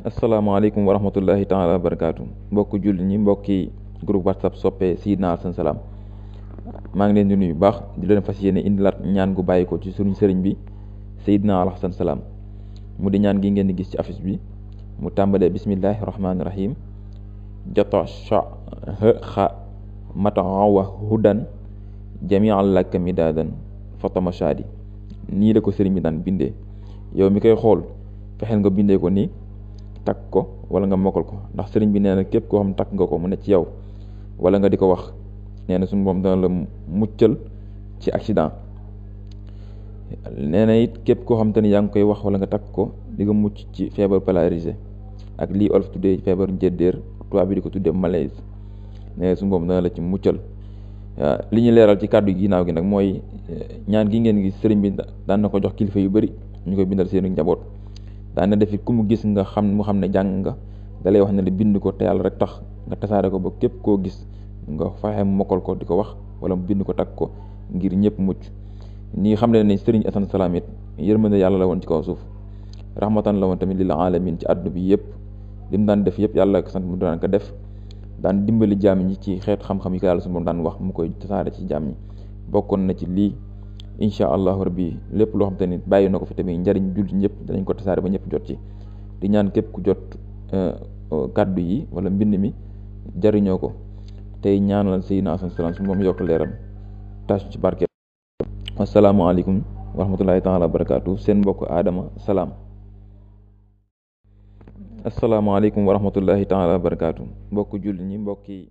Assalamualaikum warahmatullahi taala wabarakatuh barakaatu mbokki julli ñi mbokki groupe whatsapp soppe Seydina Alassane Salam ma ngi leen di nuyu baax di leen fasiyene yéene ñaan gu bayiko ko ci suñu serigne bi Salam mu di ñaan gi ngeen di gis ci affiche bi mu tambalé bismillahir rahmanir rahim sha ha kha mata wa hudan jamial lakka midaadan fatama shadi nii la ko serigne bi dan bindé yow mi koy xol fexel nga bindé ko ni takk ko wala nga mokkal ko ndax sëriñ bi nee na képp koo xam takk nga ko mu ne ci yow wala nga di ko wax nee na suñu boom dana la muccal ci accident nee na it képp koo xam te ni yaa ngi koy wax wala nga takk ko di nga mucc ci feebar polarisé ak lii olof tuddee feebar njëddeer tubaab bi di ko tuddee malaise nee na suñu boom dana la ci muccal li ñu leeral ci kàddu gi ginnaaw gi nag mooy eh, ñaan gi ngeen gi sëriñ bi daan na ko jox kilifa yu bari ñu koy bindal seeni njaboot daana defi ku gis nga xam mu xam ne jang nga dalay wax ne la bind ko te rek tax nga ko ba kep ko gis nga faham mokol ko di wax wala mu bind ko tak ko ngir ñëpp mucc ni xam ne ne serigne Asan salamit yermane yalla la won ci kaw suuf rahmatan la woon tamit lil alamin ci addu bi yep lim daan def yep yalla ko sant mu daan ko def daan dimbali jami ci xet xam-xam yi ko yalla su daan wax mu koy ci jami na ci li insha allah rabbi lepp lo xamanteni te nako fi tamit njariñ jullit ñëpp dañ ko tassare ba ñëpp jot ci di ñaan kep ku jot euh, euh, kaddu yi wala mbind mi ko ñaanal sayyidina asan alaihi wasallam mom yok leeram tas ci barke asalaamaaleykum wa rahmatullahi taala wa sen mbok adama salam assalamu alaikum wa taala wa barakaatu mbokk ñi mbok